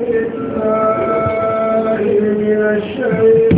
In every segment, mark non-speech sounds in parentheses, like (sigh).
الله من الشيطان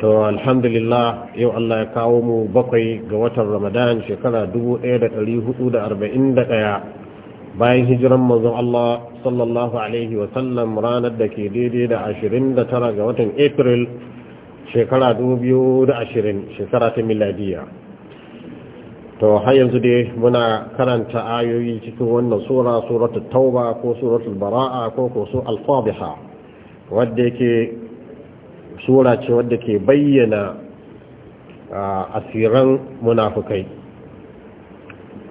to alhamdulillah yau Allah ya kawo mu bakwai ga watan ramadan shekara 1441 bayan hijiran manzon Allah sallallahu alaihi sallam ranar da ke daidai da 29 ga watan april shekara 2020 shekara ta miladiya to har yanzu dai muna karanta ayoyi cikin wannan sura suratul tauba ko suratul bara'a ko ko su al-fadiha wadda yake sura ce wadda ke bayyana asiran munafukai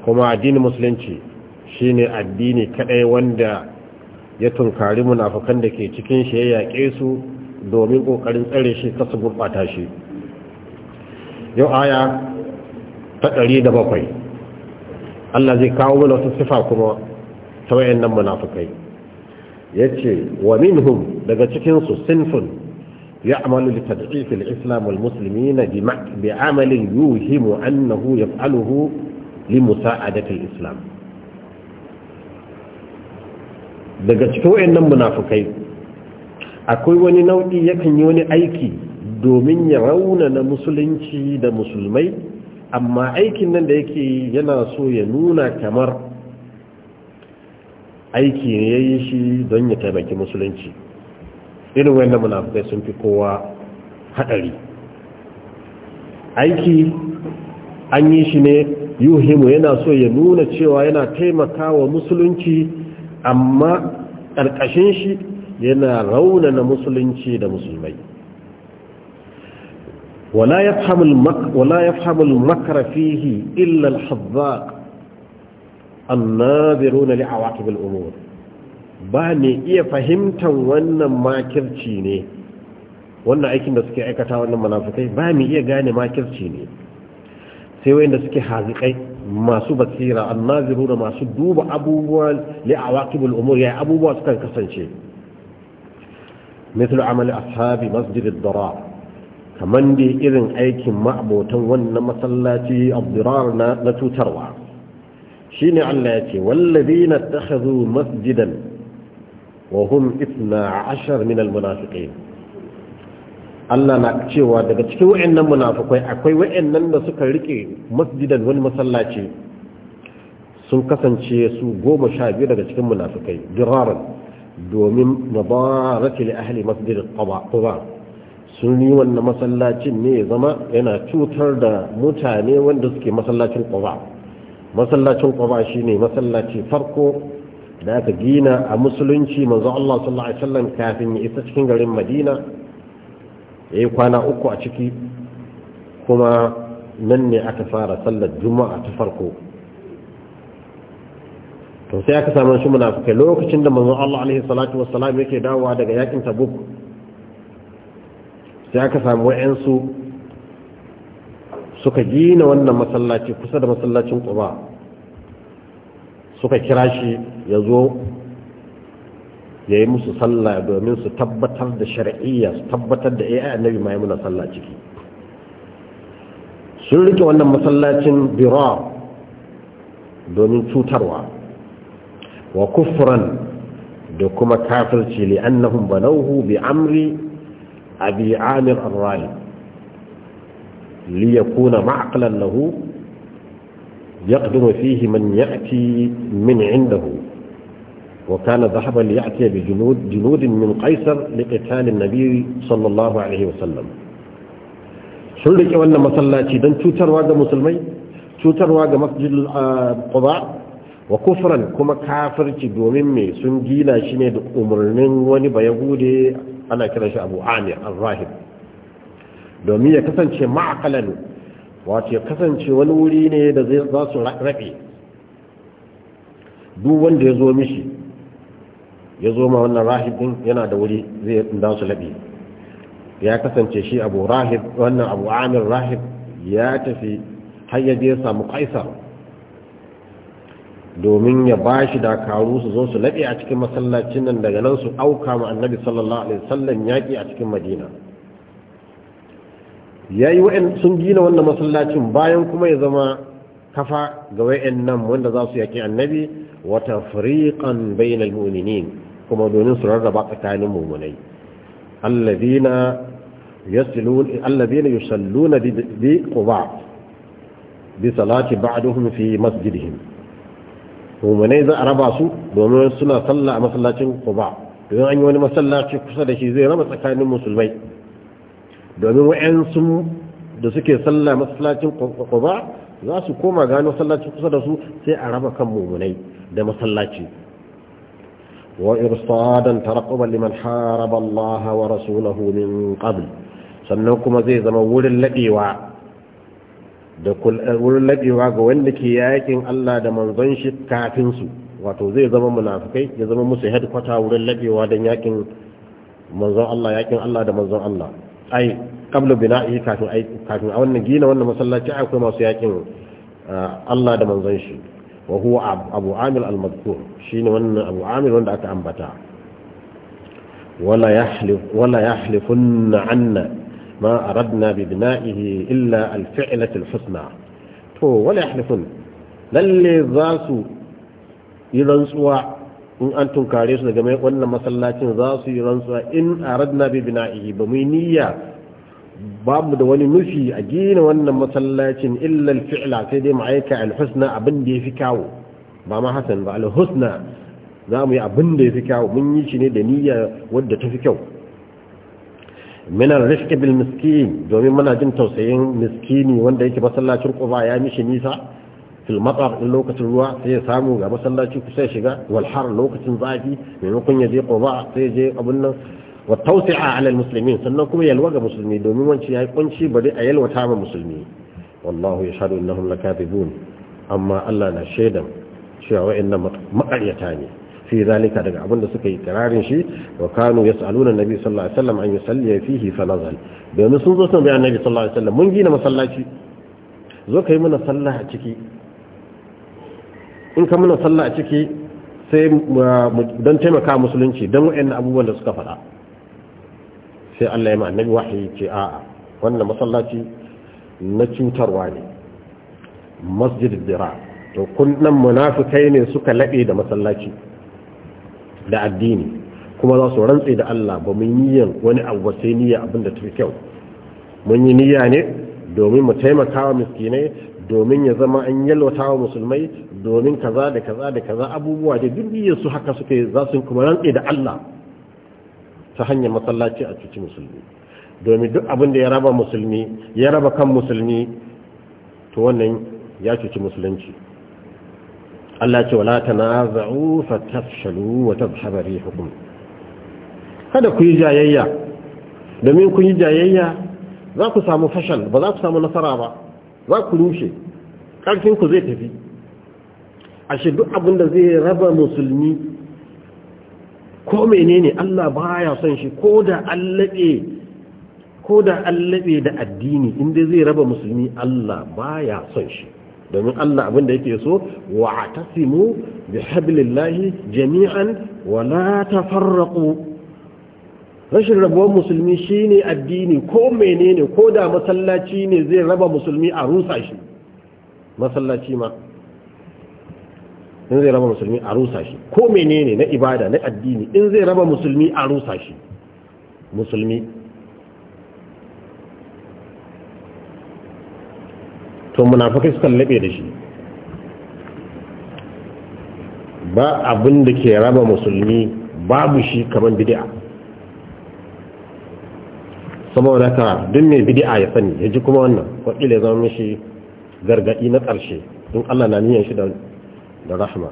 kuma addinin musulunci shine addini kadai wanda ya tunkari munafukan da ke cikin shi ya yaƙe su domin ƙoƙarin tsare shi ta su gurɓata shi yau aya ta ɗari da bakwai Allah zai kawo mana wasu sifa kuma ta wayannan munafukai ya ce wa minhum daga cikinsu sinfun يعمل لتضعيف الإسلام والمسلمين بعمل يوهم أنه يفعله لمساعدة الإسلام daga cikin wayannan munafukai akwai wani nau'i yakan yi wani aiki domin ya rauna na musulunci da musulmai amma aikin nan da yake yana so ya nuna kamar aiki ne ya yi shi don ya taimaki musulunci irin wayannan munafikai sun fi kowa haɗari. aiki an yi shi ne yuhimu yana so ya nuna cewa yana taimakawa musulunci amma ƙarƙashin shi yana raunana musulunci da musulmai wala yafhamu al-makra fihi illa al-hazzaq an ba ne iya fahimtar wannan makirci ne wannan aikin da suke aikatawa na manafikai ba mu iya gane makirci ne sai wanda suke haziƙai masu basira annaziru da masu duba abubuwa li awaqibul umur ya abubuwa suka kasance mithlu amali ashabi masjidid dara kaman da irin aikin ma'abotan wannan masallaci abdurar na cutarwa. Shi ne Allah ya ce walladina takhadhu masjidan وهم اثنا عشر من المنافقين Allah na cewa daga cikin wayannan munafukai akwai wayannan da suka rike masjidan wani masallaci sun kasance su goma sha biyu daga cikin munafukai diraran domin mabarati li ahli masjid quba sun yi wannan masallacin ne zama yana cutar da mutane wanda suke masallacin quba masallacin quba shine masallaci farko da aka gina a musulunci manzo Allah sallallahu alaihi wasallam kafin ya isa cikin garin Madina yayi kwana uku a ciki kuma nan ne aka fara sallar juma'a ta farko to sai aka samu shi munafikai lokacin da manzo Allah alaihi salatu wassalam yake dawowa daga yakin Tabuk sai aka samu wayansu suka gina wannan masallaci kusa da masallacin Quba suka kira shi ya zo ya yi musu sallah domin su tabbatar da shari'iyya su tabbatar da ai annabi ma ya muna sallah ciki sun rike wannan masallacin bira domin cutarwa wa kufuran da kuma kafirci li'annahum banauhu bi amri abi amir ar-rahib li yakuna ma'qalan lahu يقدم فيه من يأتي من عنده وكان ذهب ليأتي بجنود جنود من قيصر لقتال النبي صلى الله عليه وسلم sun rike wannan masallaci don cutarwa ga musulmai cutarwa ga masjidul quba wa kufran kuma kafirci domin mai sun gina shi ne da umarnin wani bayahude ana kiran shi abu amir al-rahib domin ya kasance ma'akalan wato ya kasance wani wuri ne da zai za su raɓe duk wanda ya zo mishi ya zo ma wannan rahib yana da wuri zai da su laɓe ya kasance shi abu rahib wannan abu amir rahib ya tafi har ya je samu kaisar domin ya ba shi dakaru su zo su laɓe a cikin masallacin nan daga nan su auka ma annabi sallallahu alaihi wasallam yaƙi a cikin madina yayi wa'in sun gina wannan masallacin bayan kuma ya zama kafa ga wa'in nan wanda za su yaki annabi wata tafriqan bainal mu'minin kuma domin su rarraba tsakanin mu'minai alladhina yaslun alladhina bi ƙuba, bi salati ba'dihim fi masjidihim mu'minai za a raba su domin suna sallah a masallacin quba don an yi wani masallaci kusa da shi zai raba tsakanin musulmai domin wa'yansu da suke sallah masallacin ba, za su koma gano masallacin kusa da su sai a raba kan mummunai da masallaci wa irsadan taraqquban liman haraba Allah wa rasulahu min qabl sannan kuma zai zama wurin ladewa da wurin ladewa ga wanda ke yakin Allah da manzon shi kafin su wato zai zama munafikai ya zama musu headquarter wurin ladewa don yakin manzon Allah yakin Allah da manzon Allah ai qabla bina'ihi kafin kafin a wannan gina wannan masallaci akwai masu yakin ah, Allah da manzon shi wa huwa Abu Amir al-Madhkur shine wannan Abu Amir wanda aka ambata wala yahlif wala yahlifunna anna ma aradna bi bina'ihi illa al-fi'latu husna to wala yahlifun lalle za su yi rantsuwa in an tunkare su daga mai wannan masallacin za su yi rantsuwa in radna bi bina'ihi ba mu niyya ba mu da wani nufi a gina wannan masallacin illa fi'ila sai dai mu aika alhusna abin da yafi kawo ba ma hasan ba alhusna za mu yi abin da yafi kawo mun yi shi ne da niyya wadda ta fi kyau min arifq bil miskin domin muna jin tausayin miskini wanda yake masallacin quba ya mishi nisa fil matsar in lokacin ruwa sai ya samu ga masallaci kusa ya shiga wal har lokacin zafi maimakon ya je quba sai ya je abin nan wa tawsi'a ala muslimin sannan kuma yalwa ga musulmi domin wanci yayi kunci bari a yalwata ma musulmi wallahu yashhadu innahum lakathibun amma Allah na shaidan cewa wa'annan makaryata ne fi zalika daga abin da suka yi kirarin shi wa kanu yas'aluna nabi sallallahu alaihi wasallam an yusalli fihi fa nazal domin sun zo sun bayan nabi sallallahu alaihi wasallam mun gina masallaci zo kai mana sallah a ciki in ka muna sallah a ciki sai don taimaka musulunci don wa'in abubuwan da suka faɗa sai Allah ya annabi wahayi ce a'a wannan masallaci na cutarwa ne masjid dira to kunnan munafikai ne suka laɓe da masallaci da addini kuma za su rantse da Allah ba mun yi wani abu sai niyya abin da fi kyau mun yi niyya ne domin mu taimaka wa miskinai domin ya zama an yalwata wa musulmai domin kaza da kaza da kaza abubuwa da dubiyar su haka yi, za su kuma rantse da Allah ta hanyar masallaci a cikin musulmi domin duk abin da ya raba musulmi ya raba kan musulmi to wannan ya cuci musulunci Allah ce wala fa tafshalu wa tadhhabu rihukum kada ku yi jayayya domin kun yi jayayya za ku samu fashal ba za ku samu nasara ba za ku rushe ƙarfinku zai tafi ashe duk abin da zai raba musulmi ko menene Allah baya son shi ko da allabe ko da allabe da addini inda zai raba musulmi Allah baya son shi domin Allah abin da yake so wa atasimu jami'an wa la tafarraqu rashin rabuwar musulmi shine addini ko menene ko da masallaci ne zai raba musulmi a rusa shi masallaci ma in zai raba musulmi a rusa shi ko menene na ibada na addini in zai raba musulmi a rusa shi musulmi to munafikai sukan labe da shi ba abin da ke raba musulmi babu shi kamar bid'a saboda ka duk mai bidi'a ya sani ya ji kuma wannan wakil ya zama mishi gargadi na ƙarshe don Allah na niyan shi da rahma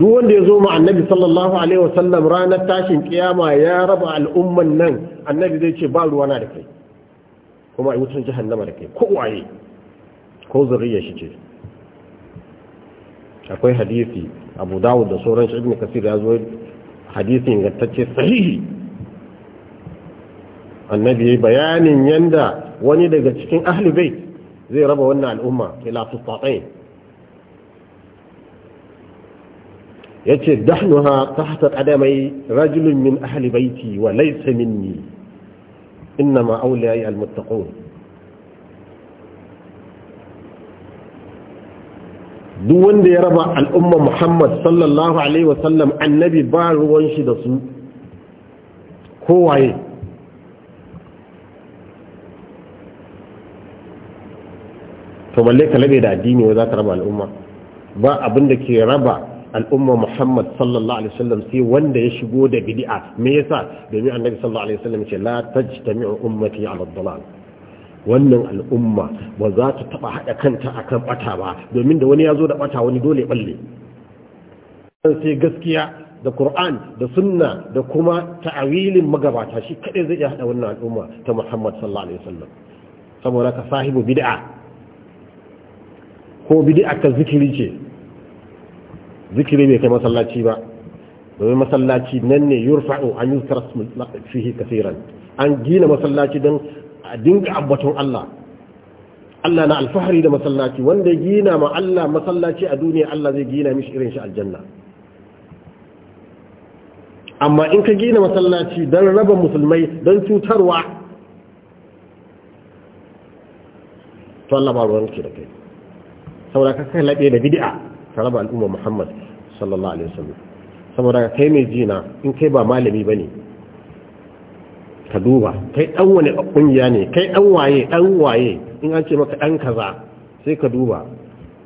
duk wanda ya zo ma annabi sallallahu alaihi wasallam ranar tashin kiyama ya raba al'umman nan annabi zai ce ba ruwana da kai kuma ai mutun jahannama da kai ko waye ko zuriya shi ce akwai hadisi abu dawud da sauran shi ibn kasir ya zo hadisi ingantacce sahihi annabi bayanin yanda wani daga cikin ahli bait zai raba wannan al'umma ila tusatain yace dahnuha tahta qadamai rajulun min ahli baiti wa laysa minni inma yi almuttaqun duk wanda ya raba al'umma Muhammad sallallahu alaihi wasallam annabi ba ruwan shi da su kowaye to balle ka labe da addini wai za raba al'umma ba abin da ke raba al'umma Muhammad sallallahu alaihi wasallam sai wanda ya shigo da bid'a me yasa domin annabi sallallahu alaihi wasallam ce la tajtami'u ummati ala dalal wannan al'umma ba za ta taba hada kanta akan bata ba domin da wani ya zo da bata wani dole balle sai gaskiya da Qur'an da sunna da kuma ta'awilin magabata shi kadai zai iya hada wannan al'umma ta Muhammad sallallahu alaihi wasallam saboda ka sahibu bid'a ko bid'a aka zikiri ce zikiri bai kai masallaci ba domin masallaci nan ne yurfa'u an yuzkar fihi kaseeran an gina masallaci don a dinga abbatun Allah Allah na alfahari da masallaci wanda gina ma Allah masallaci a duniya Allah zai gina mishi irin shi aljanna amma in ka gina masallaci don raba musulmai don cutarwa to Allah ba ruwan ki da kai saboda ka kai laɗe da bidi'a ka raba al'umma muhammad sallallahu alaihi wasallam saboda kai mai jina in kai ba malami bane ka duba kai dan wani kungiya ne kai dan waye dan waye in an ce maka dan kaza sai ka duba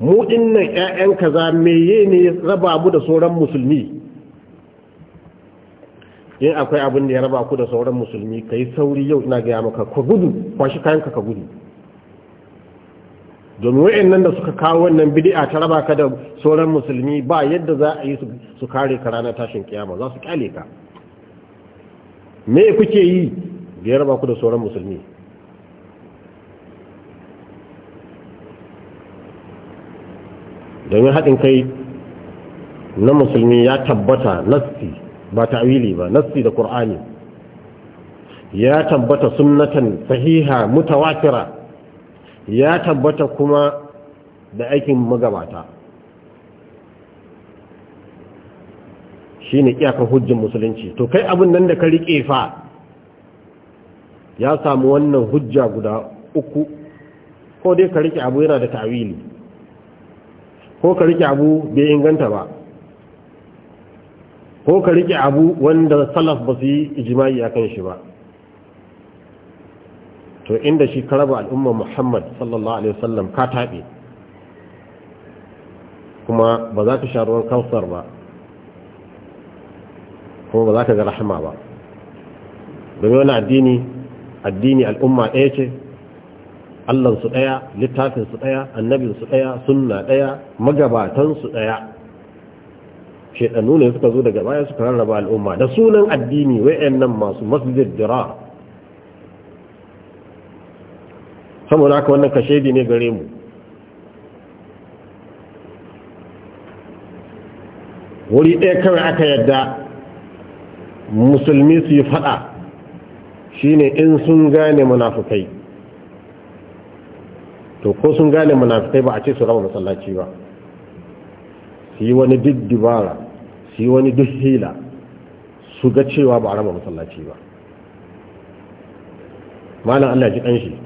mu dinnan ƴaƴan kaza meye ne raba mu da sauran musulmi in akwai abin da ya raba ku da sauran musulmi kai sauri yau ina ga maka ka gudu kwashi kayanka ka gudu domin wa'annan da suka kawo wannan bidi'a ta raba ka da sauran musulmi ba yadda za a yi su kare ka ranar tashin kiyama za su kyale ka me kuke yi da ya raba ku da sauran musulmi domin haɗin kai na musulmi ya tabbata nassi ba ta'wili ba nassi da ƙur'ani, ya tabbata sunnatan sahiha mutawatira ya tabbata kuma da aikin magabata shi ne iyakar hujjin musulunci to kai abin nan da ka riƙe fa ya samu wannan hujja guda uku ko dai ka riƙe abu yana da tawili ko ka riƙe abu bai inganta ba ko ka riƙe abu wanda salaf ba su yi ijimai a kan shi ba to inda shi ka raba al'ummar muhammad sallallahu alaihi wasallam ka taɓe kuma ba za ka sha ruwan kawsar ba kuma ba za ka ga rahama ba domin wani addini addini al'umma ɗaya ce allansu ɗaya littafinsu ɗaya annabinsu ɗaya sunna ɗaya magabatansu ɗaya shaɗannu ne suka zo daga baya suka rarraba al'umma da sunan addini wa'yan nan masu masjid dira saboda haka wannan kashedi ne gare mu wuri ɗaya kawai aka yadda musulmi su yi faɗa shine in sun gane munafukai to ko sun gane munafukai ba a ce su rama masallaci ba su yi wani duk su yi wani duk hila su ga cewa ba a raba masallaci ba malam Allah ji shi.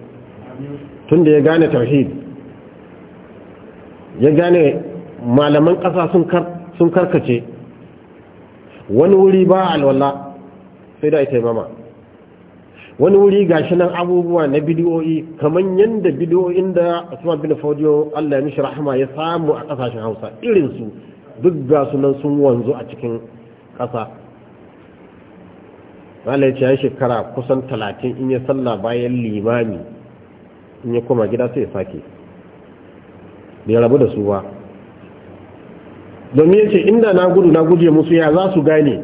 tunda ya gane tauhid ya gane malaman ƙasa sun karkace wani wuri ba alwala sai da ita mama wani wuri ga shi nan abubuwa na bidiyoyi kamar yadda bidiyoyin da Usman bin faudiyo, Allah ya mishi rahama ya samu a ƙasashen Hausa irin su duk ga sunan sun wanzu a cikin ƙasa Allah ya ce shekara kusan talatin, in ya salla bayan limami in ya koma gida sai ya sake da rabu da su ba domin yace inda na gudu na guje musu ya za su gane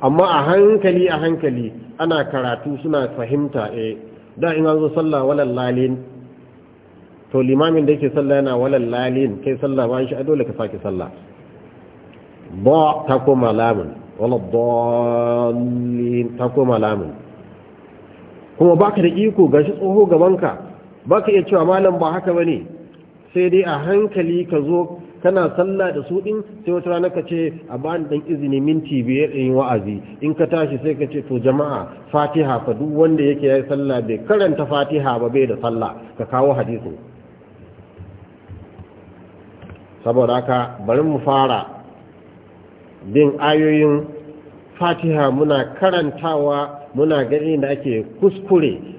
amma a hankali a hankali ana karatu suna fahimta eh da in an zo sallah walal lalin to limamin da yake sallah yana walal lalin kai sallah ba shi a dole ka sake sallah ba ta koma lamun wala dallin ta koma lamun kuma baka da iko gashi tsoho gaban ka. ba ka iya cewa malam ba haka ba ne sai dai a hankali ka zo kana sallah da su din sai wata rana ka ce a ba dan izini minti biyar in wa'azi in ka tashi sai ka ce to jama'a fatiha fa duk wanda yake yayi sallah bai karanta fatiha ba bai da sallah ka kawo hadisu. saboda haka bari mu fara bin ayoyin fatiha muna karantawa muna gani da ake kuskure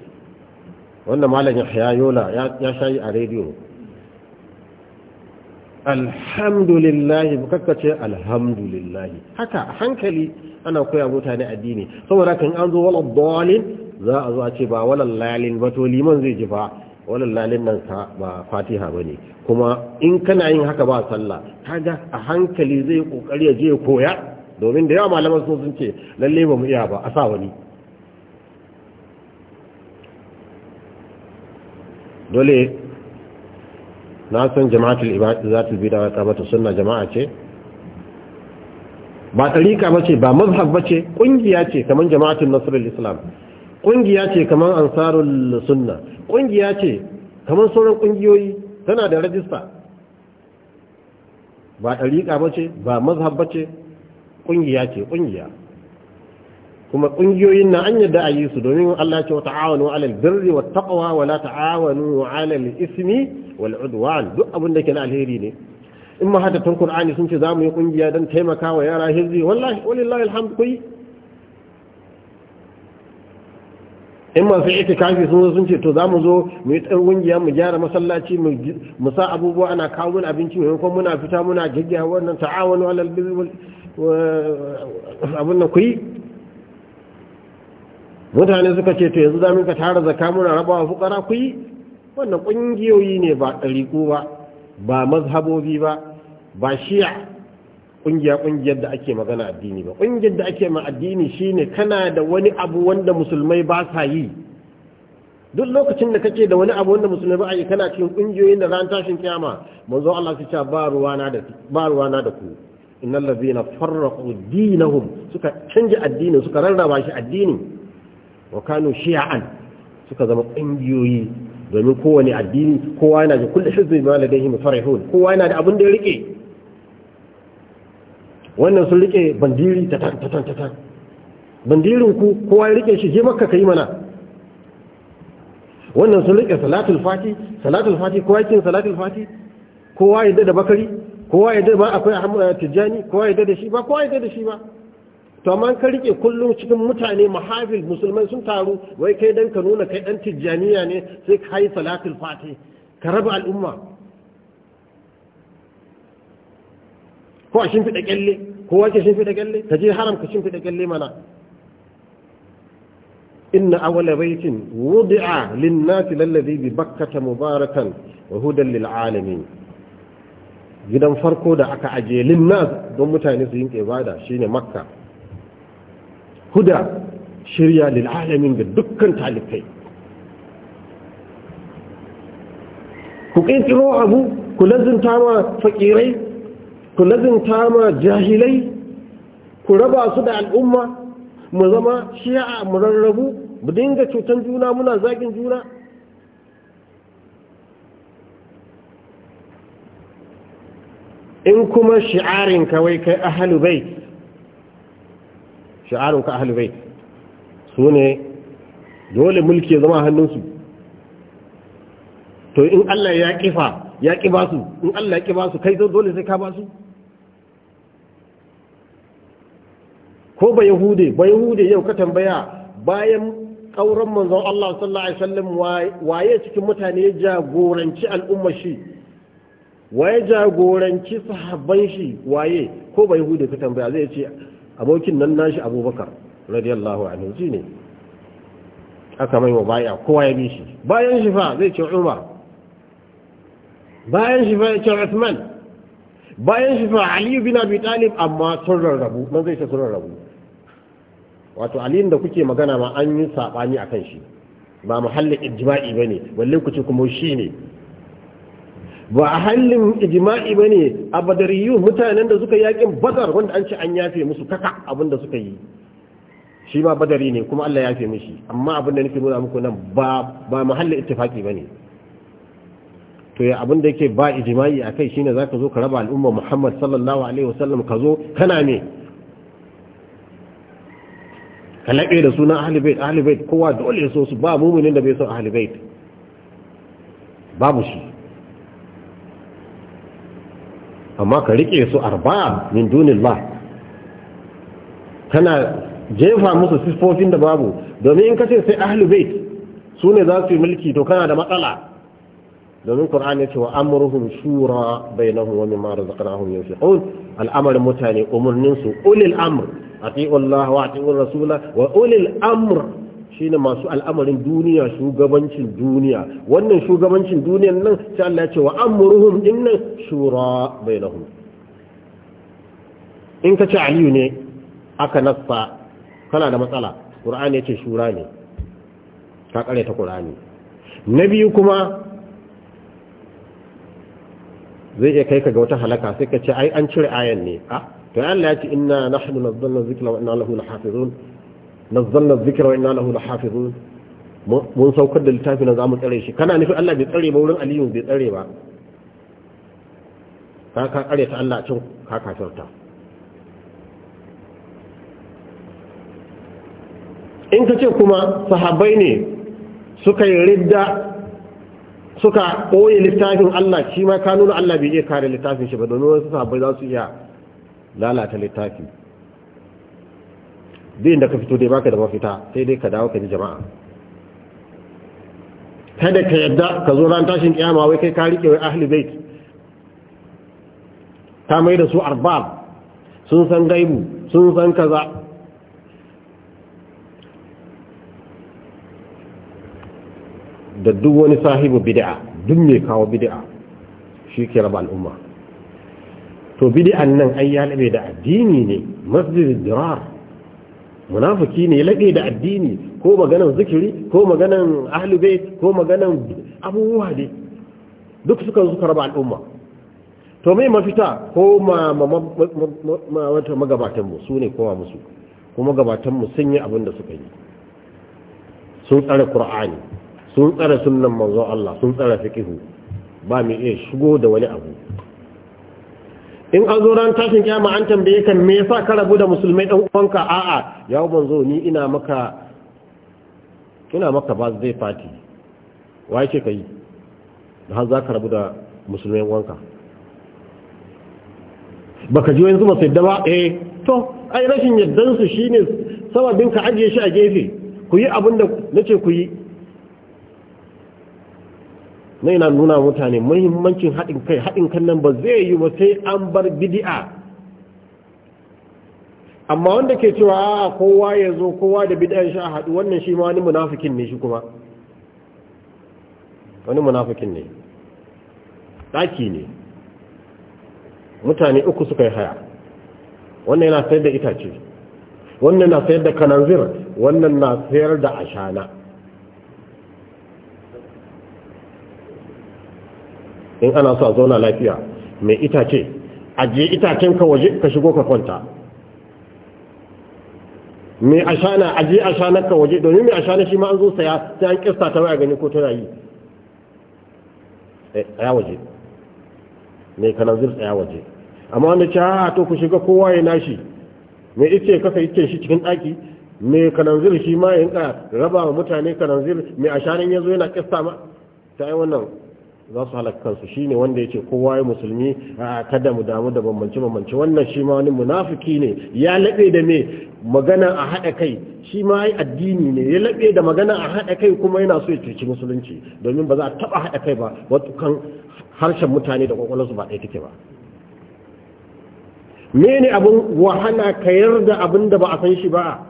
wanda malam yahya yola ya shayi a rediyo alhamdulillahi bukakkace alhamdulillahi haka hankali ana koya mutane addini saboda kan an zo wala dalin za a zo a ce ba wala lalin ba to liman zai ji ba wala lalin nan ba fatiha ba ne kuma in kana yin haka ba sallah kaga a hankali zai kokari ya je koya domin da yawa malaman sun ce lalle ba mu iya ba a sa wani dole na san jama'atul ibadatul bid'a wa qabatu sunna jama'a ce ba tarika bace ba mazhab bace kungiya ce kaman jama'atul nasrul islam kungiya ce kaman ansarul sunna kungiya ce kaman sauran kungiyoyi tana da rajista ba tarika bace ba mazhab bace kungiya ce kungiya kuma kungiyoyin na an yadda a yi su domin Allah ce wa ta'awanu alal birri wa taqwa wa la ta'awanu alal ismi wal udwan duk abin da ke na alheri ne in ma hada Qur'ani sun ce za mu yi kungiya don taimaka wa yara hizbi wallahi wallahi alhamdu kai in masu kafi sun sun ce to za mu zo mu yi ɗan kungiya mu gyara masallaci mu sa abubuwa ana kawo mun abinci kuma muna fita muna gaggawa wannan ta'awanu alal birri abun nan kuyi mutane suka ce to yanzu zamin ka tara zaka muna wa fukara ku yi wannan ƙungiyoyi ne ba ɗariƙu ba ba mazhabobi ba ba shi'a ƙungiya ƙungiyar da ake magana addini ba ƙungiyar da ake ma addini shine kana da wani abu wanda musulmai ba sa yi duk lokacin da kake da wani abu wanda musulmai ba a yi kana cikin ƙungiyoyin da ran tashin kiyama manzo Allah su ce ba ruwana da ba ruwana da ku innal ladhina farraqu dinahum suka canja addini suka rarraba shi addini wa kanu shi'an suka zama ƙungiyoyi domin kowane addini kowa yana da kullu hizbi ma ladayhi farihun kowa yana da abin da ya rike wannan sun rike bandiri ta tan ta tan bandirin ku kowa ya rike shi je makka kai mana wannan sun rike salatul fati salatul fati kowa yake salatul fati kowa yadda da bakari kowa yadda ba akwai tijjani kowa yadda da shi ba kowa yadda da shi ba to amma ka rike kullum cikin mutane mahafil musulmai sun taru wai kai dan ka nuna kai dan tijjaniya ne sai ka yi salatul fati ka raba al'umma ko a shimfiɗa kyalle ko fi shimfiɗa kyalle ka je haram ka shimfiɗa kyalle mana إن أول بيت وضع للناس للذي ببكة مباركا وهدى للعالمين gidan farko da aka aje linnas don mutane su yin ibada shine makka huda shirya lil'alamin da dukkan talibai ku ƙirƙiro abu ku lazinta ma faƙirai ku lazinta ma jahilai ku raba su da al'umma mu zama shi'a mu rarrabu mu dinga cutan juna muna zagin juna in kuma shi'arin kawai kai ahalu bai sha'arun ka ahlul bait su ne dole mulki ya zama hannunsu to in Allah ya kifa ya kifa su in Allah ya kifa su kai dole sai ka ba su ko ba yahude ba yahude yau ka tambaya bayan kauran manzon Allah sallallahu alaihi wasallam waye cikin mutane ya jagoranci al'ummar shi waye jagoranci sahabban shi waye ko ba yahude ka tambaya zai ce abokin nan nashi abubakar radiyallahu anhu shi ne aka mai wa baya kowa ya bi shi bayan shi fa zai ce umar bayan shi fa ya ce usman bayan shi fa ali bin abi talib amma sun rarrabu nan zai ce sun rarrabu wato ali da kuke magana ma an yi sabani akan shi ba muhallin ijma'i bane balle ku ce kuma shi ne ba a hallin ijima'i ba ne a badariyu mutanen da suka yakin badar wanda an ce an yafe musu kaka abinda suka yi shi ma badari ne kuma Allah ya yafe mishi amma abinda ke nuna muku nan ba mahalli ittifaki ba ne to ya abinda yake ba ijma'i a kai shi ne za ka zo ka raba al'ummar Muhammad sallallahu alaihi wasallam ka zo kana ne ka laɓe da sunan ahli ahalibait kowa dole so su ba muminin da bai so ahalibait babu shi amma ka riƙe su arba'a min dunillah kana jefa musu sifofin da babu domin in kace sai ahlu bait su ne za su yi mulki to kana da matsala domin qur'ani ce wa amruhum shura bainahum wa mimma razaqnahum yunfiqun al'amarin mutane umurnin su ulil amr ati'u Allah wa ati'u rasula wa ulil amr shine masu al'amarin duniya shugabancin duniya wannan shugabancin duniyan nan sai Allah ya ce wa amruhum dinnan shura bainahum in ka ce aliyu ne aka nassa kana da matsala qur'ani ya ce shura ne ka kare ta qur'ani na biyu kuma zai iya kai ka ga wata halaka sai ka ce ai an cire ayan ne a ah, to Allah ya ce inna nahnu nazzalna dhikra wa inna lahu lahafizun nazzalna dhikra wa inna lahu lahafizun mun saukar da littafi na zamu tsare shi kana nufin Allah bai tsare ba wurin aliyu bai tsare ba ka ka kare ta Allah cin ka kafirta in ka ce kuma sahabbai ne suka yi ridda suka ɓoye littafin Allah shi ma ka nuna Allah bai iya kare littafin shi ba domin wasu sahabbai za su iya lalata littafi duk inda ka fito dai baka da mafita sai dai ka dawo ka ji jama'a kada ka yadda ka zo ran tashin kiyama wai kai ka rike wai ahli bait ta mai da su arbab sun san gaibu sun san kaza da duk wani sahibu bid'a duk mai kawo bid'a shi ke raba al'umma to bid'an nan ai ya labe da addini ne masjidul dirar munafiki ne lade da addini ko maganan zikiri ko maganan ahlul bait ko maganan abubuwa ne duk suka zuka raba al'umma to mai mafita ko ma ma wata magabatan su ne kowa musu kuma mu sun yi abin da suka yi sun tsara qur'ani sun tsara sunan manzon Allah sun tsara fiƙihu ba mu iya shigo da wani abu in an zo ran tashin kiyama an tambaye kan me yasa ka rabu da musulmai dan uwanka a'a ya zo ni ina maka ina maka birthday party wai ce kai har za ka rabu da musulmai uwanka baka ji yanzu ba sai da ba eh to ai rashin yaddan su shine sababin ka ajiye shi a gefe ku yi abin da nace ku yi na yana nuna mutane muhimmancin haɗin kai haɗin kan nan ba zai yi ba sai an bar bidi'a amma wanda ke cewa a kowa ya zo kowa da bidi'a shi a haɗu wannan shi ma wani munafikin ne shi kuma wani munafikin ne ɗaki ne mutane uku suka yi haya wannan yana sayar da itace wannan na sayar da kananzir wannan na sayar da ashana in ana so a zauna lafiya mai itace ajiye itacen ka waje ka shigo ka kwanta mai ashana ajiye ashanar ka waje domin mai ashana shi ma an zo saya sai an kista ta waya gani ko tana yi eh, tsaya waje mai kananzir tsaya waje amma wanda ci ha to ku shiga kowa ya nashi mai ice kasa ice shi cikin ɗaki mai kananzir shi ma ka raba wa mutane kananzir mai ashanin ya zo yana kista ma ta yi wannan za su halaka kansu ne wanda ya ce kowa ya musulmi a kada mu damu da bambance bambance wannan shi ma wani munafiki ne ya laɓe da me magana a haɗa kai shi ma ai addini ne ya laɓe da magana a haɗa kai kuma yana so ya cuci musulunci domin ba za a taba haɗa kai ba wato kan harshen mutane da kwakwalarsu ba ɗaya take ba ne abin wahala ka yarda abin da ba a san shi ba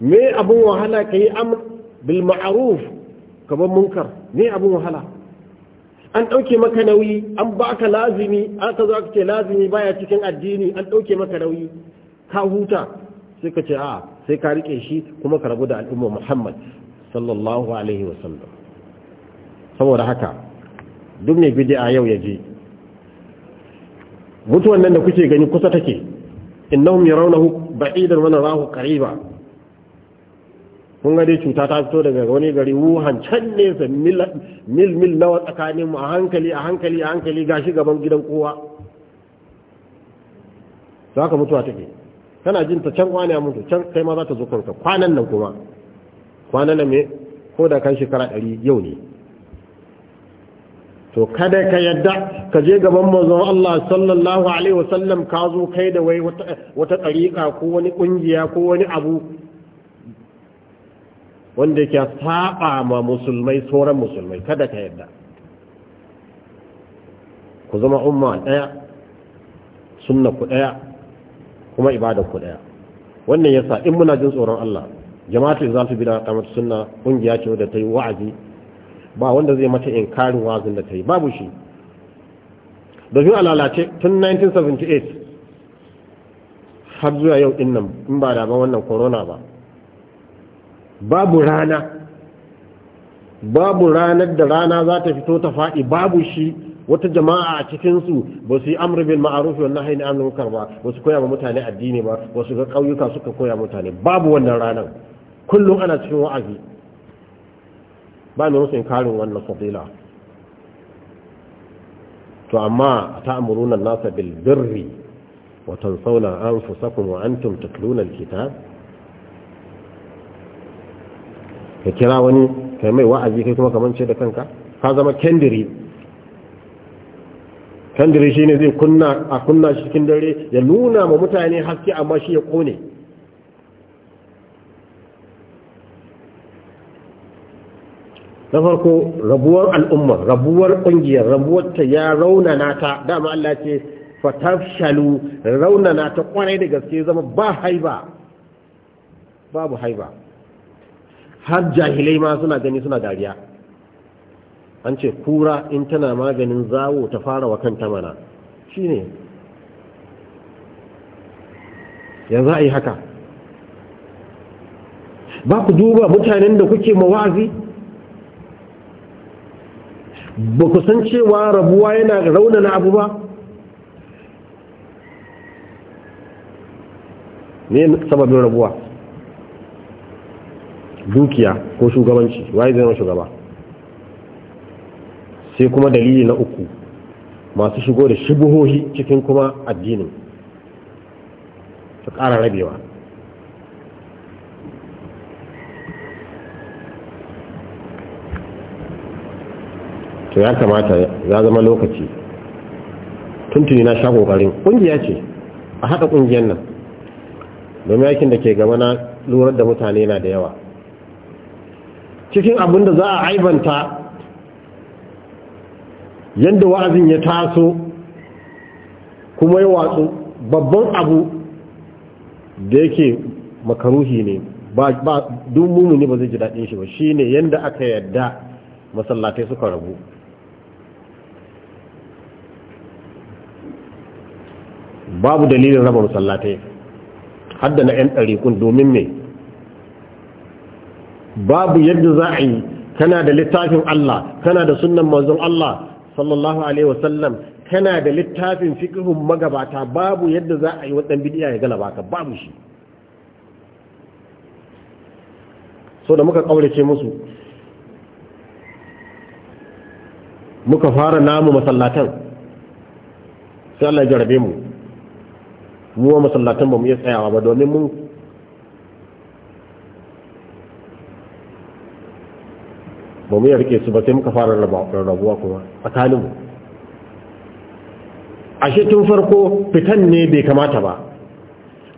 me abin wahala ka yi amr bil ma'ruf ka ban munkar me abin wahala an ɗauke maka nauyi an baka lazimi ka zo aka ce lazimi baya cikin addini an ɗauke maka nauyi ka huta sai ka ce a sai ka riƙe shi kuma ka rabu da al'umma muhammad sallallahu alaihi wasallam saboda haka duk mai bid'a yau ya je mutuwan nan da kuke gani kusa take innahum yarawnahu ba'idan wa narahu qariba kun ga dai cuta ta fito daga wani gari wuhan can nesa mil mil nawa tsakaninmu a hankali a hankali a hankali gashi gaban gidan kowa za ka mutuwa take kana jin ta can kwana ya mutu can kai ma za ta zo kanka kwanan nan kuma kwanan nan me ko da kan shekara ɗari yau ne to kada ka yadda ka je gaban manzon Allah sallallahu alaihi wasallam ka zo kai da wai wata wata ko wani ƙungiya ko wani abu wanda yake saba ma musulmai sauran musulmai kada ka yadda ku zama umma daya sunna ku daya kuma ibada ku daya wannan yasa in muna jin tsoron Allah jama'atu bi bila kamar sunna kungiya ce da ta yi wa'azi ba wanda zai mata inkarin wa'azin da ta yi babu shi domin lalace tun 1978 har zuwa yau din in ba da ba wannan corona ba babu rana babu ranar da rana za ta fito ta faɗi babu shi wata jama'a a cikinsu ba su yi amur bin ma’arufi wannan haini anil ba ba su koya wa mutane addini ba ba su ga kauyuka suka koya mutane babu wannan ranar kullum ana cikin wa'azi ba ne musu karin wannan fadila to amma ta'muruna an-nasa bilbirri wata wa tansawna anfusakum wa antum tatluna ka kira wani kai mai wa'azi kai kuma kamance da kanka ka zama kendiri kendiri shine zai kunna a kunna shi cikin dare ya nuna ma mutane haske amma shi ya kone na farko rabuwar al'umma rabuwar kungiyar rabuwar ta ya raunana ta dama Allah ce fatafshalu raunana ta kwarai da gaske zama ba haiba babu haiba har jahilai ma suna gani suna dariya an ce kura in tana maganin zawo ta fara wa kanta mana Shi ne. yanzu a yi haka ba ku duba mutanen da kuke mawazi ba ku san cewa rabuwa yana na abu ba ne sababin rabuwa dukiya ko shugabanci waye zai zama shugaba sai kuma dalili na uku masu shigo da shubuhohi cikin kuma addinin su ƙara rabewa to ya kamata ya zama lokaci tuntuni na sha ƙoƙarin ƙungiya ce a haɗa ƙungiyar nan domin yakin da ke gaba na lura da mutane na da yawa cikin abin da za a aibanta yadda wa'azin ya taso kuma ya watsu babban abu da yake makaruhi ne ba dumunu ne ba zai ji daɗin shi ba shi ne yadda aka yadda masallatai suka rabu babu dalilin raba masallatai haddana 'yan ɗarikun domin mai babu yadda za a yi kana da littafin Allah kana da sunnan manzon Allah sallallahu alaihi wasallam kana da littafin fiqhun magabata babu yadda za a yi wadan bidiya ya galaba ka babu shi so da muka ƙaurace musu muka fara namu masallatan sai Allah ya jarabe mu mu masallatan ba mu iya tsayawa ba domin mun ba mu yarke su ba sai muka fara rarrabuwa kuma tsakanin mu ashe tun farko fitan ne bai kamata ba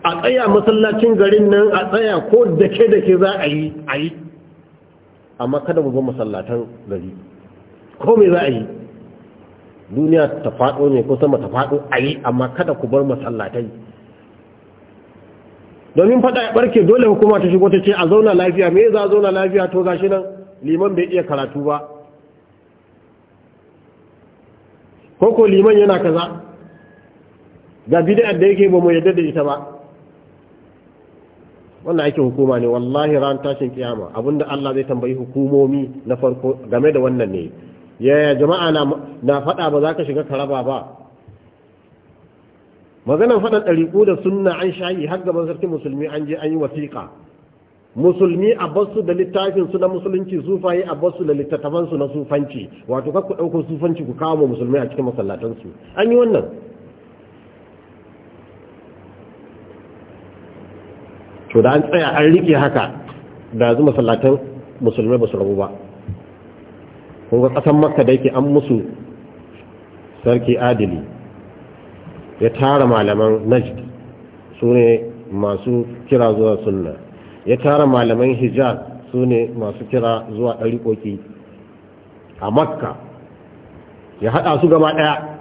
a tsaya masallacin garin nan a tsaya ko da ke da ke za a yi a yi amma kada mu zo masallatan gari ko mai za a yi duniya ta faɗo ne ko sama ta faɗo a yi amma kada ku bar masallatan. domin faɗa ya ɓarke dole hukuma ta shigo ta ce a zauna lafiya me za a zauna lafiya to gashi nan liman bai iya karatu ba ko ko liman yana kaza ga bid'a da yake ba mu yadda da ita ba wannan aikin hukuma ne wallahi ran tashin kiyama abinda Allah zai tambayi hukumomi na farko game da wannan ne yaya jama'a na na fada ba za ka shiga karaba ba maganar faɗan dariku da sunna an shayi har gaban sarki musulmi an je an yi wasiƙa musulmi a basu da littafin su na musulunci sufaye a basu da littattafan su na sufanci wato kakku ɗaukar sufanci ku kawo musulmi a cikin masallatan su an yi wannan to da an tsaya an rike haka da yanzu masallatan musulmai ba su rabu ba kuma ƙasan makka da yake an musu sarki adili ya tara malaman najd su ne masu kira zuwa sunna ya tara malaman hijaz su ne masu kira zuwa ɗariƙoƙi a makka ya haɗa su gaba ɗaya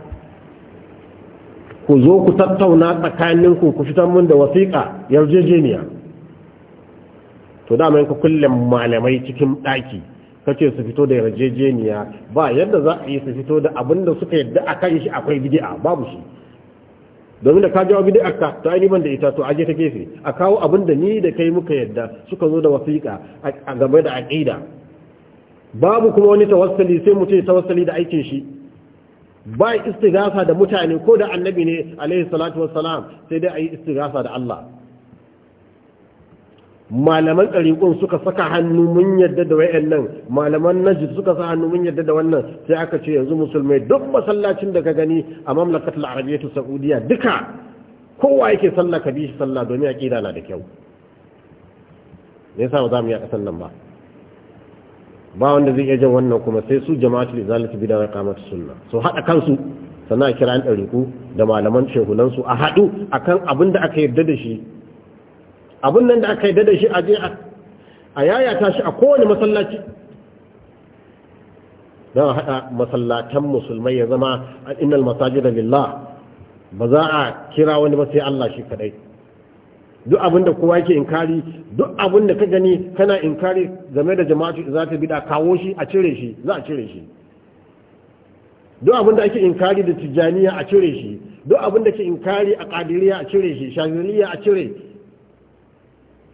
ku zo ku tattauna tsakaninku ku fitar mun da wasiƙa yarjejeniya to dama ku kullum malamai cikin ɗaki kace su fito da yarjejeniya ba yadda za a yi su fito da abin suka yadda akan shi akwai bidi'a babu shi domin da ka jawo bid'a aka to ai ban da ita to aje ta gefe a kawo abin da ni da kai muka yadda suka zo da wasiƙa a game da aqida babu kuma wani tawassali sai mu ce tawassali da aikin shi ba istighasa da mutane ko da annabi ne alaihi salatu wassalam sai dai ayi istighasa da Allah malaman ɗariƙun suka saka hannu mun yadda da wayan nan malaman najid suka sa hannu mun yadda da wannan sai aka ce yanzu musulmai duk masallacin da ka gani a mamlakatul arabiyyatu saudiya duka kowa yake sallah ka bi shi sallah domin aqida na da kyau me yasa ba za mu yi a ƙasar nan ba ba wanda zai iya jan wannan kuma sai su jama'atul izalati bid'a wa iqamatus sunna so hada kansu sana kira an ɗariƙu da malaman shehunansu a haɗu akan abin da aka yarda da shi abin nan da aka yi da shi a je a yayata shi a kowane masallaci don haɗa masallatan musulmai ya zama innal da lillah ba za a kira wani ba sai Allah shi kadai duk abin da kowa yake inkari duk abin da ka gani kana inkari game da jama'atu za ta bida kawo shi a cire shi za a cire shi duk abin da ake inkari da tijjaniya a cire shi duk abin da ke inkari a kadiriya a cire shi shaziliya a cire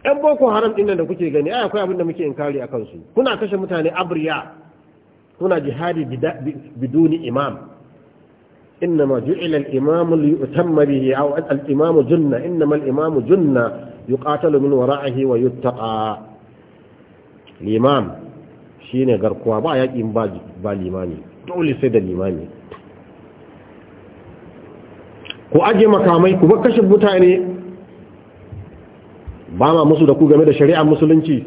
yan boko haram din da kuke gani ai akwai abin da muke inkari a kansu kuna kashe mutane abriya kuna jihadi biduni imam إنما جعل الإمام ليؤتم به أو الإمام جنة إنما الإمام جنة يقاتل من ورائه ويتقى الإمام شيني ba با يقين با الإمامي دولي سيد الإمامي ku aje makamai ku bar kashe mutane ba ma musu da ku game da shari'ar musulunci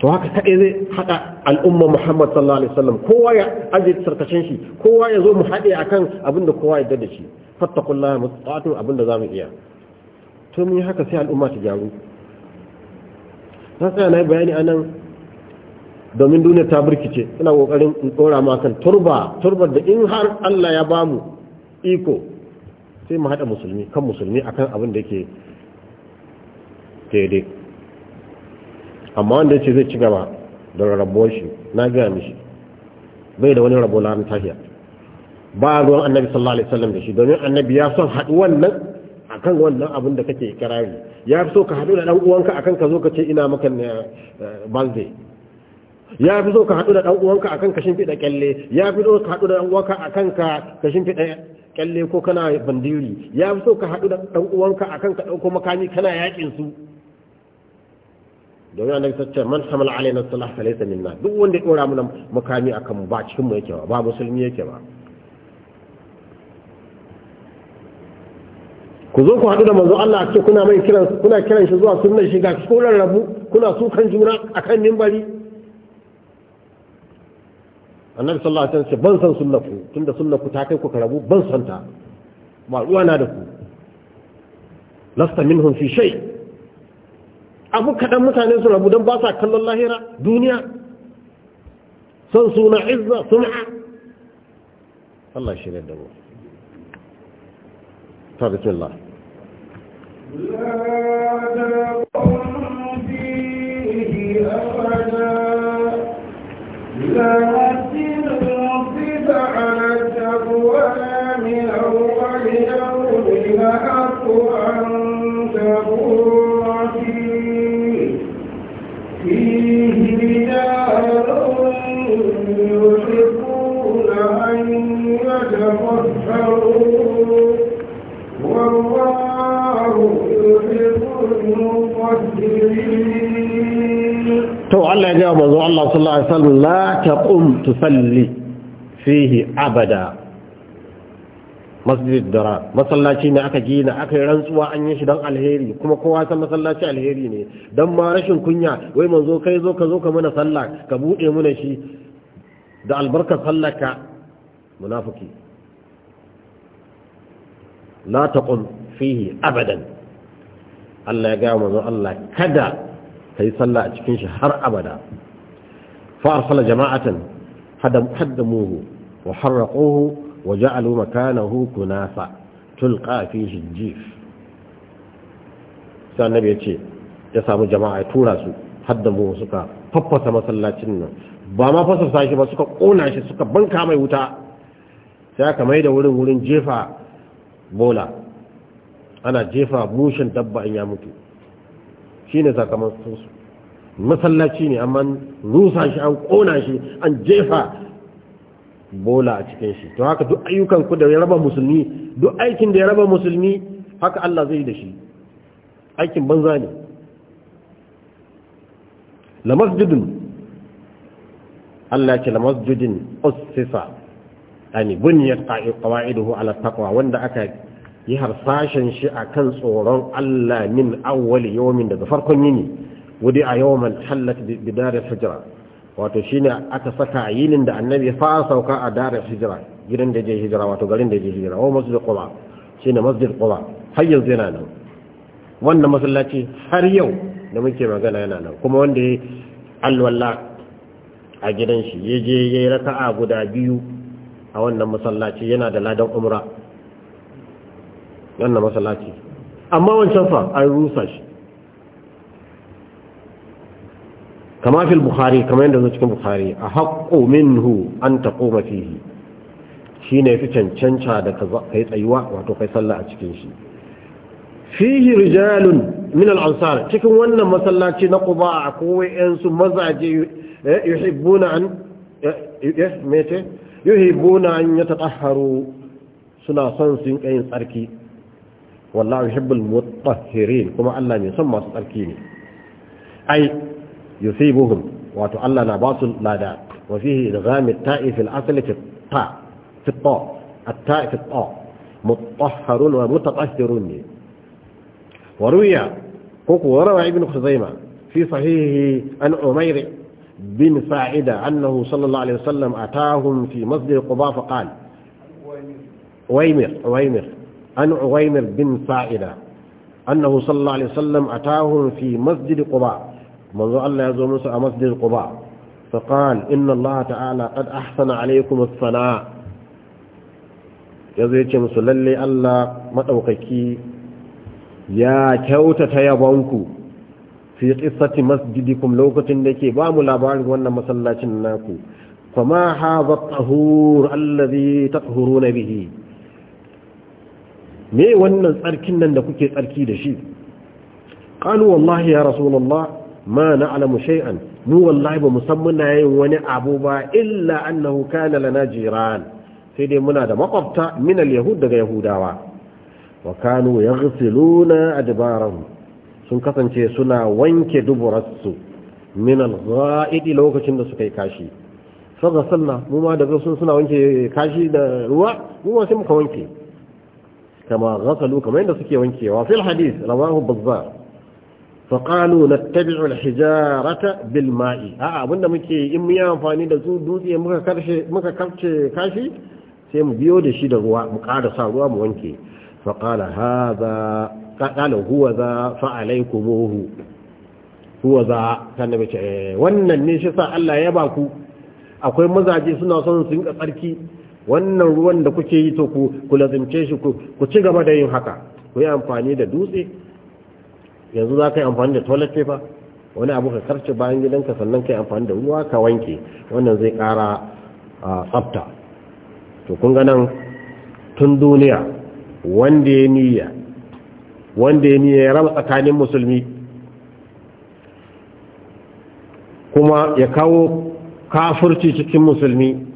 to haka kaɗai zai haɗa al'umma muhammad sallallahu alaihi wasallam kowa ya aje sarkacin shi kowa ya zo mu haɗe akan abin da kowa ya dada shi fattakullah mutsatun abin da za iya to mun yi haka sai al'umma ta gyaru na tsaya yi bayani anan domin duniya ta birkice ina kokarin in tsora ma kan turba turbar da in har allah ya bamu iko sai mu haɗa musulmi kan musulmi akan abin da ke daidai amma wanda ce zai ci gaba da rarrabuwar shi na gaya mishi bai da wani rabo na tahiya ba ruwan annabi sallallahu alaihi wasallam da shi domin annabi ya son haɗu wannan akan wannan abin da kake kirari ya fi so ka haɗu da ɗan uwanka akan ka zo ka ce ina maka eh, eh, balde ya fi so ka haɗu da ɗan uwanka akan ka shimfiɗa kyalle ya fi so ka haɗu da ɗan uwanka akan ka shimfiɗa kyalle ko kana bandiri ya fi so ka haɗu da ɗan uwanka akan ka ɗauko makami kana yakin su domin annabi sacce man alai na salah fa laysa minna duk wanda ya ɗora mana makami akan mu ba cikin mu yake ba ba musulmi yake ba ku zo ku haɗu da manzo Allah a ce kuna mai kiran kuna shi zuwa sunnar shi ga ku rarrabu kuna sukan juna akan mimbari annabi sallallahu alaihi wasallam ban san sunnar ku tunda sunnar ku ta kai ku karabu ban san ta ba ruwa na da ku lasta minhum fi shay abu kadan mutane su rabu dan ba sa kallon lahira duniya san suna izza sum'a Allah shirya da mu ta bismillah cewa manzon Allah sallallahu alaihi wasallam la taqum tusalli fihi abada masjid dara masallaci ne aka gina aka yi rantsuwa an yi shi don alheri kuma kowa san masallaci alheri ne don ma rashin kunya wai manzo kai zo ka zo ka mana sallah ka buɗe mana shi da albarkar sallaka munafiki la taqul fihi abadan Allah ya ga manzo Allah kada yi sallah a cikin shi har abada fa arsala jama'atan haddamuhu wa harraquhu wa ja'alu makanahu kunasa tulqa fi jif sai annabi ya ce ya samu jama'a ya tura su haddamuhu suka faffasa masallacin nan ba ma fasafsa shi ba suka ƙona shi suka banka mai wuta sai aka mai da wurin wurin jefa bola ana jefa mushin dabba in ya mutu Shi ne su masallaci ne amma rusa shi an kona shi an jefa bola a cikin shi to haka duk ayyukan ku da ya raba musulmi duk aikin da ya raba musulmi haka Allah zai da shi aikin banza ne la masjidun Allah ce la masjidin ussisa yani bunyat qa'iduhu ala taqwa wanda aka yi harsashen shi kan tsoron Allah min awwali yawmin daga farkon yini wudi a yawon halatta bi daril hijra wato shine aka saka yinin da annabi ya fara sauka a daril hijra gidan da je hijira wato garin da je hijira wa masjid shi shine masjid quba har yanzu yana nan wannan masallaci har yau da muke magana yana nan kuma wanda ya alwala a gidan shi ya je ya yi raka'a guda biyu a wannan masallaci yana da ladan umra wannan masallaci amma wancan fa an rusa shi kama fil bukhari kama yadda zo cikin bukhari a haƙƙo minhu an taƙoma fihi shi ne fi cancanta da kai tsayuwa wato kai sallah a cikin shi fihi rijalun min al-ansar cikin wannan masallaci na ƙuba a kowai yan mazaje eh, yuhibbuna an eh, eh, mete yuhibbuna an suna son sun kayin tsarki والله يحب المطهرين كما الله يسمى تركيني أي يثيبهم وتعلى باطل لا وفيه إدغام التاء في الأصل في الطاء في الطاء التاء في الطاء مطهر ومتطهرون وروي وروى ابن خزيمة في صحيحه عن عمير بن ساعدة أنه صلى الله عليه وسلم أتاهم في مسجد قباء فقال ويمر ويمر عن عويمر بن سائدة أنه صلى الله عليه وسلم أتاهم في مسجد قباء منذ الله يزور موسى مسجد قباء فقال إن الله تعالى قد أحسن عليكم الثناء يزور يتشي مسلل الله مدوقكي يا كوتة يبونكو في قصة مسجدكم لوكة لكي بام لابارك وانا مسلاتنا ناكو فما هذا الطهور الذي تطهرون به me wannan tsarkin nan da kuke tsarki da shi qalu wallahi ya rasulullah ma na'lamu shay'an mu wallahi ba musamman na yin wani abu ba illa annahu kana lana jiran sai dai muna da makwabta min al-yahud daga yahudawa wa kanu yaghsiluna adbarahum sun kasance suna wanke duburarsu min al ghaid lokacin da suka kashi fa mu ma daga sun suna wanke kashi da ruwa mu ma sai muka wanke kama ghasalu kamar yadda suke wankewa fil hadith rawahu bazzar fa nattabi'u al hijarata bil ma'i a abinda muke in mu yi amfani da su dutse muka karshe muka karce kashi sai mu biyo da shi da ruwa mu kara sa ruwa mu wanke fa hadha qala huwa za fa alaykumuhu huwa za kan nabi ce wannan ne shi sa Allah ya baku akwai mazaje suna son su rinka tsarki wannan ruwan da kuke yi to ku ku lazimce shi ku ci gaba da yin haka ku yi amfani da dutse yanzu za ka yi amfani da toilet paper wani abu ka karce bayan gidanka sannan ka yi amfani da ruwa ka wanke wannan zai kara tsafta to kun ga nan tun duniya wanda ya niyya wanda ya niyya ya raba tsakanin musulmi kuma ya kawo kafurci cikin musulmi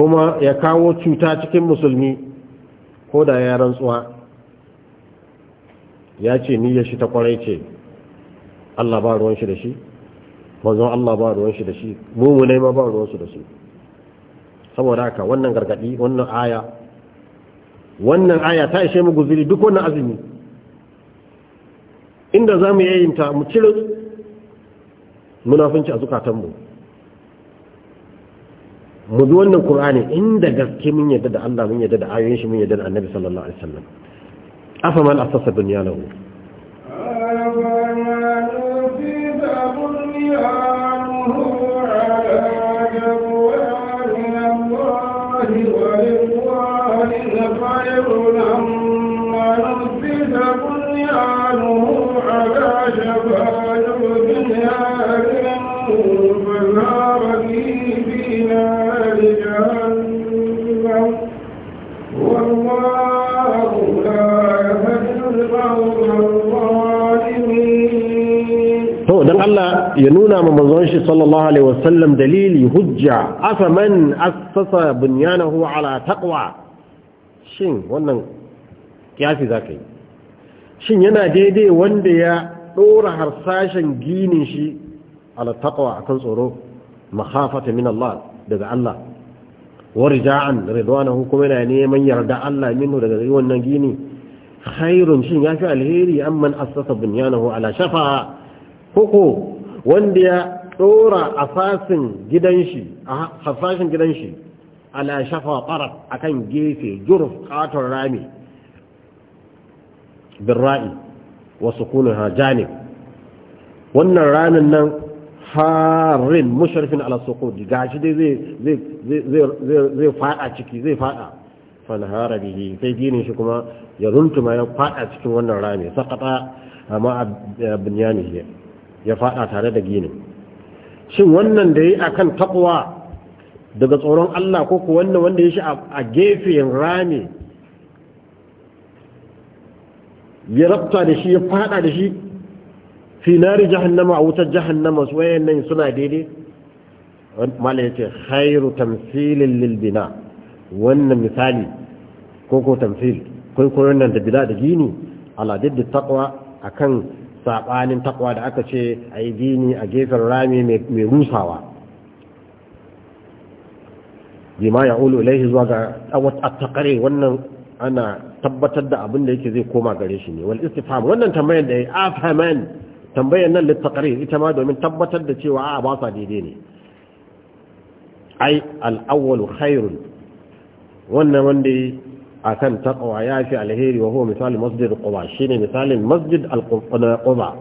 kuma ya kawo cuta cikin musulmi ko da ya rantsuwa ya ce niyyar shi ta kwarai ce Allah ba ruwan shi da shi mazan Allah ba ruwan shi da shi mumune ma ba ruwan su da shi saboda haka wannan gargadi wannan aya wannan aya ta ishe mu guzuri duk wannan azumi inda za mu yayinta mu cire munafunci a zukatanmu mu bi wannan qur'ani inda gaske mun yadda da Allah mun yadda da ayoyin shi mun yadda da annabi sallallahu alaihi wasallam afaman asasa bunyalahu ya nuna ma manzon shi sallallahu alaihi wasallam dalili hujja afa man assasa bunyanahu ala taqwa shin wannan kiyasi zakai shin yana daidai wanda ya dora harsashin ginin shi ala taqwa akan tsoro makhafata min Allah daga Allah warja'an ridwanahu kuma yana neman yarda Allah minhu daga wannan gini khairun shin yafi alheri amman assasa bunyanahu ala shafa koko wanda ya tsora a fasin gidan shi a hafashin gidan shi ala shafa a akan gefe juruf katon rami birra'i wa sukunuha janib wannan ramin nan harin musharfin ala ga gashi dai zai zai zai zai fada ciki zai fada fanhara bihi sai ginin shi kuma ya runtuma ya fada cikin wannan rami saqata amma binyanihi ya fada tare da ginin shin wannan da yi akan takwa daga tsoron Allah ko ku wannan wanda ya shi a gefen rami ya rabta da shi ya fada da shi fi jahannama a wutar jahannama su wayan nan suna daidai wani ya ce hairu, tamsilin lilbina wannan misali ko ko tamsil kwaikwayon nan da bila da gini ala da takwa akan saɓanin takwa da aka ce a yi dini, a gefen rami mai rusawa jima ya ulu ilaihi zuwa ga attakare wannan ana tabbatar da abin da yake zai koma gare shi ne wal istifham wannan tambayar da ya afhaman tambayar nan littaqrir ita ma domin tabbatar da cewa a ba sa daidai ne ai al'awwalu khairun wannan wanda akan taqwa ya fi alheri wa huwa misal masjid shi shine misalin masjid al-quba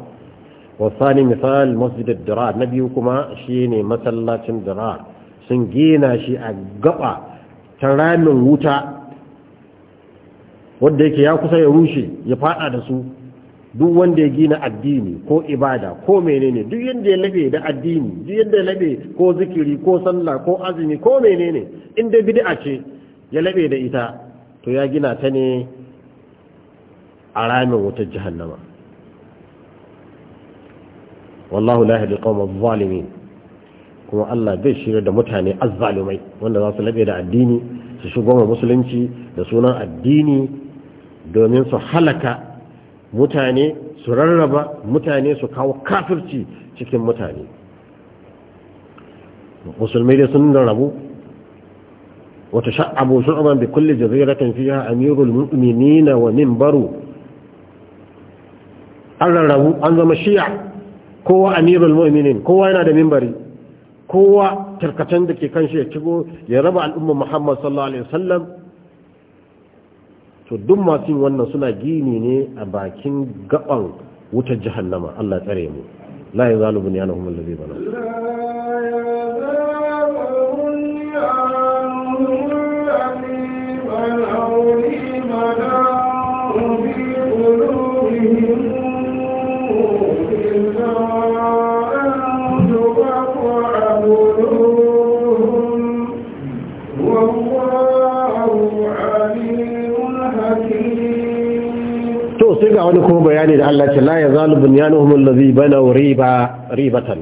wa thani misal masjid Dira na biyu kuma shine masallacin Dira. sun gina shi a gaba ta ramin wuta wanda yake ya kusa ya rushe ya fada da su duk wanda ya gina addini ko ibada ko menene duk yanda ya labe da addini duk yanda ya labe ko zikiri ko sallah ko azumi ko menene inda bid'a ce ya labe da ita to ya gina ta ne a ramin wutar jihannama wallahu la yahdi qawmal zalimin kuma Allah bai shirya da mutane azzalumai wanda za su labe da addini su shigo ma musulunci da sunan addini domin su halaka mutane su rarraba mutane su kawo kafirci cikin mutane musulmai da sun rabu وتشعب شعبا بكل جزيرة فيها أمير المؤمنين ومنبر Allah rabu an zama shiya kowa amirul mu'minin kowa yana da mimbari kowa tarkacen da ke kan shi ya cigo ya raba al'ummar Muhammad sallallahu alaihi wasallam to duk wannan suna gini ne a bakin gaban wutar jahannama Allah tsare mu la yazalu bunyanuhum allazi bana wani kuma bayani da Allah ce la ya zalu bunyanuhum allazi banaw riba ribatan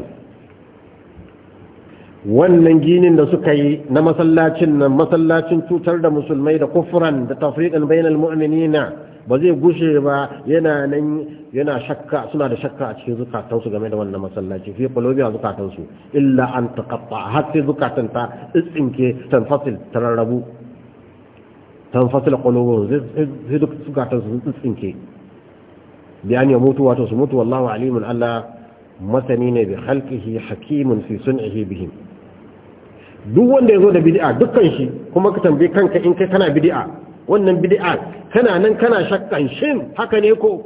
wannan ginin da suka yi na masallacin nan masallacin cutar da musulmai da kufran da tafriqan bainal mu'minina ba zai gushe ba yana nan yana shakka suna da shakka a cikin zukatansu game da wannan masallaci fi qulubi a zukatansu illa an taqatta har sai zukatan ta tsinke tanfasil tararrabu tanfasil qulubu zai zukatan su tsinke bi an yamutu wato su mutu wallahu alimun Allah masani ne bi khalqihi hakimun fi sun'ihi bihim duk wanda yazo da bid'a dukkan shi kuma ka tambaye kanka in ka kana bid'a wannan bid'a kana nan kana shakkan shin haka ne ko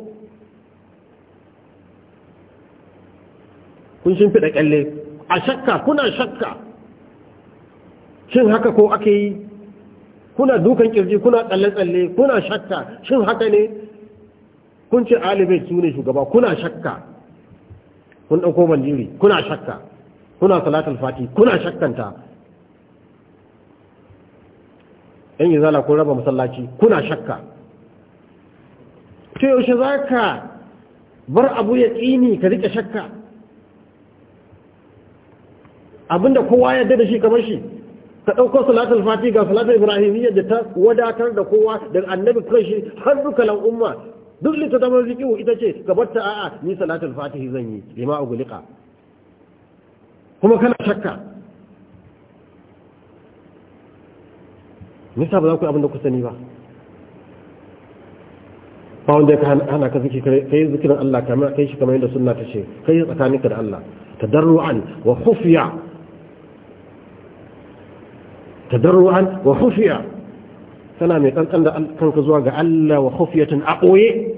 kun shin fida kalle a shakka kuna shakka shin haka ko ake yi kuna dukan kirji kuna tsalle-tsalle kuna shakka shin haka ne kun ce alibai su ne shugaba kuna shakka kun ɗauko manjiri kuna shakka kuna salatul fati kuna shakkanta yan yi zala kun raba masallaci kuna shakka ce yaushe za ka bar abu ya tsini ka rike shakka abinda kowa ya da shi kamar shi ka ɗauko salatul fati ga salatul ibrahimiyya da ta wadatar da kowa daga annabi kan shi har duka umma duk littattafan zikihu ita ce ka batta a'a ni salatul fatihi zan yi lima uguliqa kuma kana shakka nisa ba za ku abin da ku sani ba ba wanda ya hana ka zikir kai zikirin Allah kamar kai shi kamar yadda suna ta ce kai tsakaninka da Allah tadarru'an wa khufiya tadarru'an wa khufiya kana mai kankan da kanka zuwa ga Allah wa khufiyatan a koye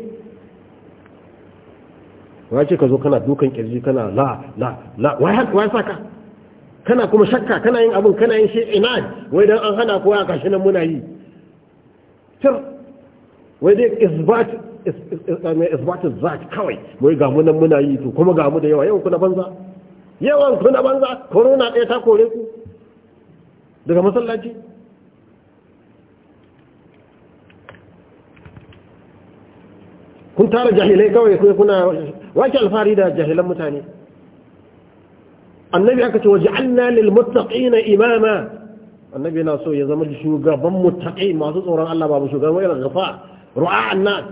wai ce ka zo kana dukan ƙirji? kana la la la wai saka kana kuma shakka kana yin abin kana yin shi'ina wai don an hana kowa a kashi nan muna yi tir wai dai isbat isbat zat kawai wai gamu nan muna yi to kuma gamu da yawa yawan kuna banza yawan kuna banza corona ɗaya ta kore ku daga masallaci kun tara jahilai kawai kuma kuna wake alfahari da jahilan mutane annabi aka ce waj'alna lil muttaqina imama annabi yana so ya zama shugaban muttaqi masu tsoron Allah ba shugaban wayar gafa ru'a annas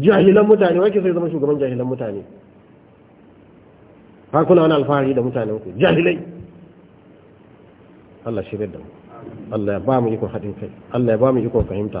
jahilan mutane wake sai zama shugaban jahilan mutane ha kuna wani alfahari da mutanen ku jahilai Allah shirye da mu Allah ya ba mu iko hadin kai Allah ya ba mu iko fahimta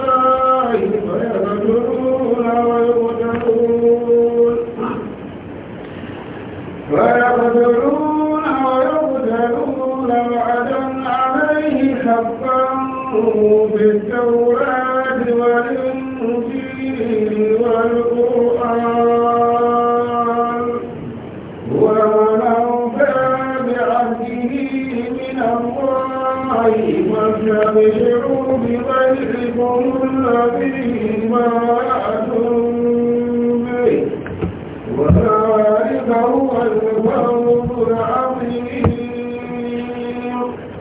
بالتوراة والإنجيل والقرآن بعهده من الله الذي به وذلك هو العظيم.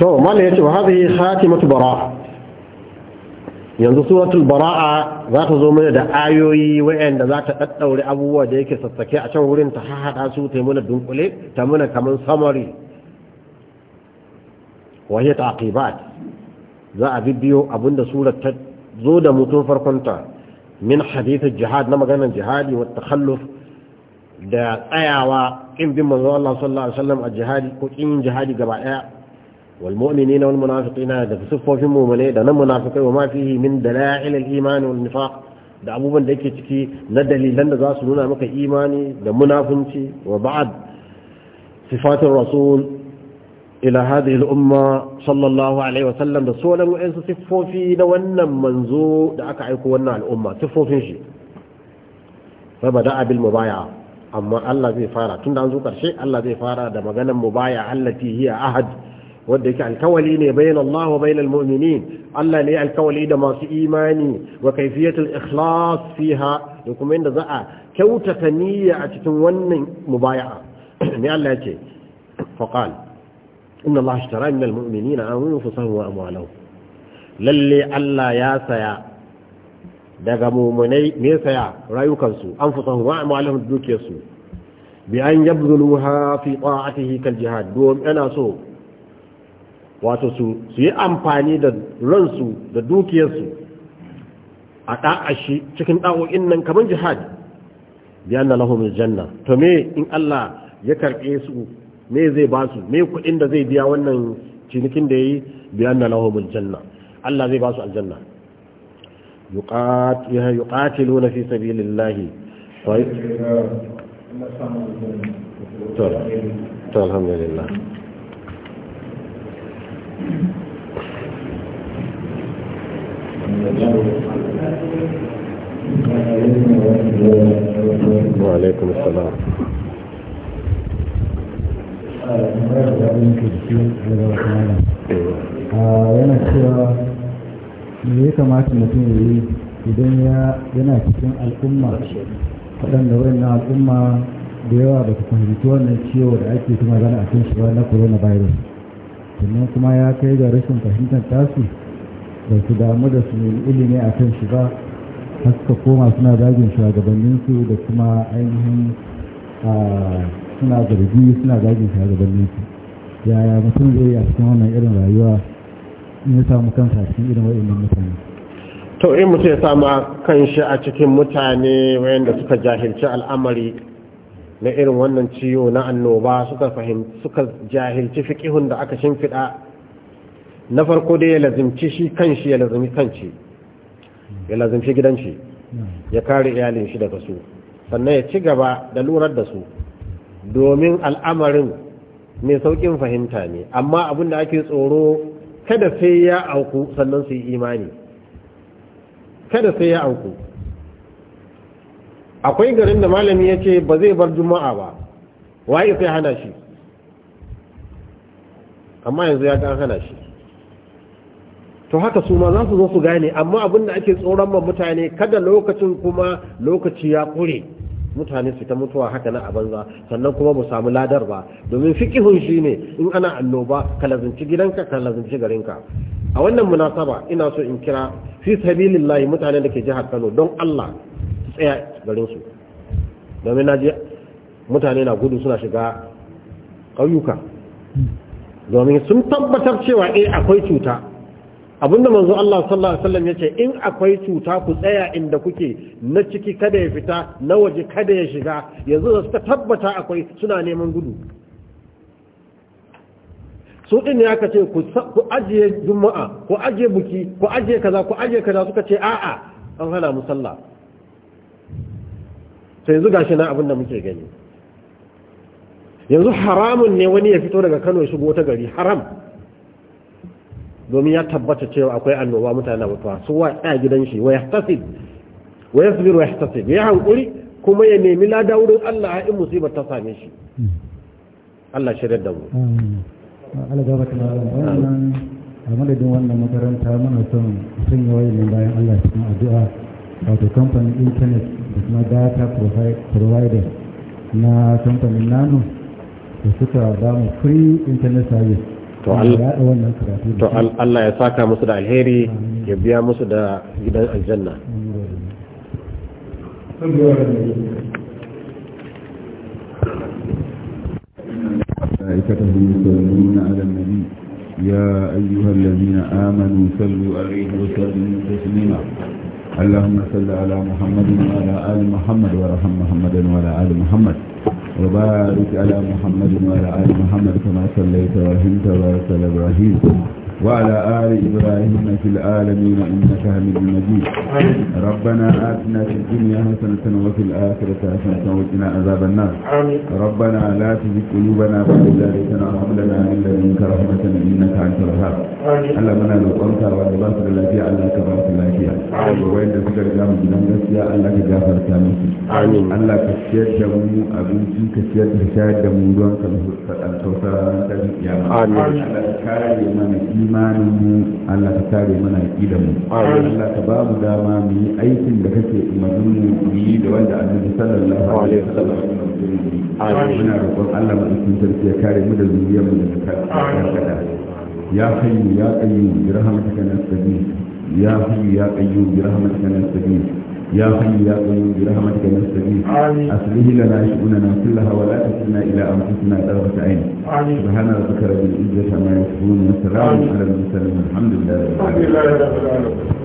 طيب، وهذه خاتمة براء yanzu suratul bara'a za ta zo mana da ayoyi wayanda za ta daddaure abubuwa da yake sassake a can wurin ta hada su ta mana dunkule ta mana kaman samari. wa hiya taqibat za a bibiyo abinda surat ta zo da mutum farkonta min hadith jihad na maganar jihadi wa takhalluf da tsayawa kin bin manzo Allah sallallahu alaihi wasallam a jihadi ko kin jihadi gaba daya والمؤمنين والمنافقين هذا في صفة في مؤمنين a منافقين وما فيه من دلائل الإيمان والنفاق da abubuwan da yake ciki na dalilan da za su nuna maka imani da munafunci wa ba'ad sifatin rasul ila umma sallallahu alaihi wa sallam da solan wa'ansu siffofi na wannan manzo da aka aiko wannan al'umma siffofin shi fa bada bil mubaya'a amma Allah zai fara tunda an zo karshe Allah zai fara da maganar mubaya'a allati hiya ahad wanda yake alkawali ne bayan Allah wa bayan almu'minin Allah ne alkawali da masu imani wa kaifiyatul ikhlas fiha da kuma inda za a kyautata niyya a cikin wannan mubaya'a ne (coughs) Allah yake faqal inna Allah ishtara min almu'minina anfusahum wa amwalahum lalle Allah ya saya daga mumunai ne saya rayukansu anfusahum wa amwalahum dukiyarsu bi an yabdhuluha fi ta'atihi kal jihad dom ana so wato su yi amfani da ransu da dukiyarsu a ɗa'ashi cikin ɗa'o'in nan kamar jihadi biyan na lahomin janna to me in Allah ya karɓe su me zai ba su me kuɗin da zai biya wannan cinikin da ya yi biyan na lahomin janna Allah zai ba su aljanna yuqatilu na fi sabilillahi to alhamdulillah وعليكم السلام yana cewa me ya kamata mutum ya yi idan yana cikin al'umma waɗanda wannan al'umma da yawa ba su fahimci wannan ciwo da ake kuma magana a kan shi ba na coronavirus sannan kuma ya kai ga rashin fahimtar tasu da su damu da su ilimi a kan shi ba har suka koma suna zagin shugabanninsu da kuma ainihin suna zargi suna zagin shugabanninsu yaya mutum zai a cikin wannan irin rayuwa in ya samu kansa a cikin irin wa'in mutane to in mutum ya kan kanshi a cikin mutane wayanda suka jahilci al'amari na irin wannan ciwo na annoba suka fahimci suka jahilci fiƙihun da aka shimfiɗa na farko dai ya lazimci shi kanshi ya lazimi shi ya lazimci gidan shi ya kare iyalin shi daga su sannan ya ci gaba da lurar da su domin al'amarin mai sauƙin fahimta ne amma abin da ake tsoro kada sai ya auku sannan su yi imani kada sai ya auku akwai garin da malami ya ce ba zai bar juma'a ba waye sai hana shi amma yanzu ya ga hana shi to haka su ma za su zo su gane amma abin da ake tsoron ma mutane kada lokacin kuma lokaci ya kure mutane su ta mutuwa haka na a banza sannan kuma ba samu ladar ba domin fikihun shi ne in ana annoba ka lazinci gidanka ka lazinci garinka a wannan munasaba ina so in kira fi sabilillahi mutane da ke jihar Kano don Allah tsaya garinsu domin na je mutane na gudu suna shiga ƙauyuka domin sun tabbatar cewa eh akwai cuta abinda manzo Allah sallallahu alaihi wasallam yace in akwai cuta ku tsaya inda kuke na ciki kada ya fita na waje kada ya shiga yanzu da suka tabbata akwai suna neman gudu su din ne aka ce ku ajiye juma'a ku ajiye buki ku ajiye kaza ku ajiye kaza suka ce a'a an hana musalla. sai yanzu gashi na abin da muke gani yanzu haramun ne wani ya fito daga Kano shigo ta gari haram domin ya tabbata cewa akwai annoba mutane mutuwa su wa tsaya gidan shi wa yahtasib wa yasbir wa yahtasib ya hankuri kuma ya nemi lada wurin Allah in musibar ta same shi Allah shirya da mu Allah ga baka wannan a madadin wannan makaranta muna son yi wayoyin bayan Allah cikin addu'a of the company internet da kuma data provider na company nano da suka ba mu free internet service to Allah ya saka musu da alheri ya biya musu da gidan aljanna ملائكته يصلون على النبي يا أيها الذين آمنوا صلوا عليه وسلموا تسليما اللهم صل على محمد وعلى آل محمد وارحم محمد وعلى آل محمد وبارك على محمد وعلى آل محمد كما صليت ورحمت وبارك على إبراهيم وعلى آل إبراهيم في العالمين إنك حميد مجيد ربنا آتنا في الدنيا حسنة وفي الآخرة حسنة وقنا عذاب النار ربنا لا تزغ قلوبنا بعد إذ هديتنا وهب لنا من لدنك رحمة إنك أنت الوهاب اللهم نرجوك وأنت الذي علمك بارك الله فيها وين تذكر جام جنان gaskiya Allah ka gafarta musu amin Allah ka ciyar da mu abinci ka ciyar da shayar da mu ruwan ka tausara ta kiyama amin Allah ka kare mana kima imanin mu Allah ka kare mana da mu Allah ka ba mu dama mu yi aikin da kake umarnin mu yi da wanda Annabi sallallahu alaihi wasallam muna roƙon Allah mu cikin sarki ya kare mu da zuriyar mu daga kada ya hayyu ya qayyum bi rahmatika nasta'in ya hayyu ya qayyum bi rahmatika يا حي يا قيوم برحمتك نستغيث أصلح لنا شؤوننا كلها ولا تكلنا إلى أنفسنا طرفة عين سبحان ربك رب العزة عما يصفون وسلام على المرسلين الحمد لله رب العالمين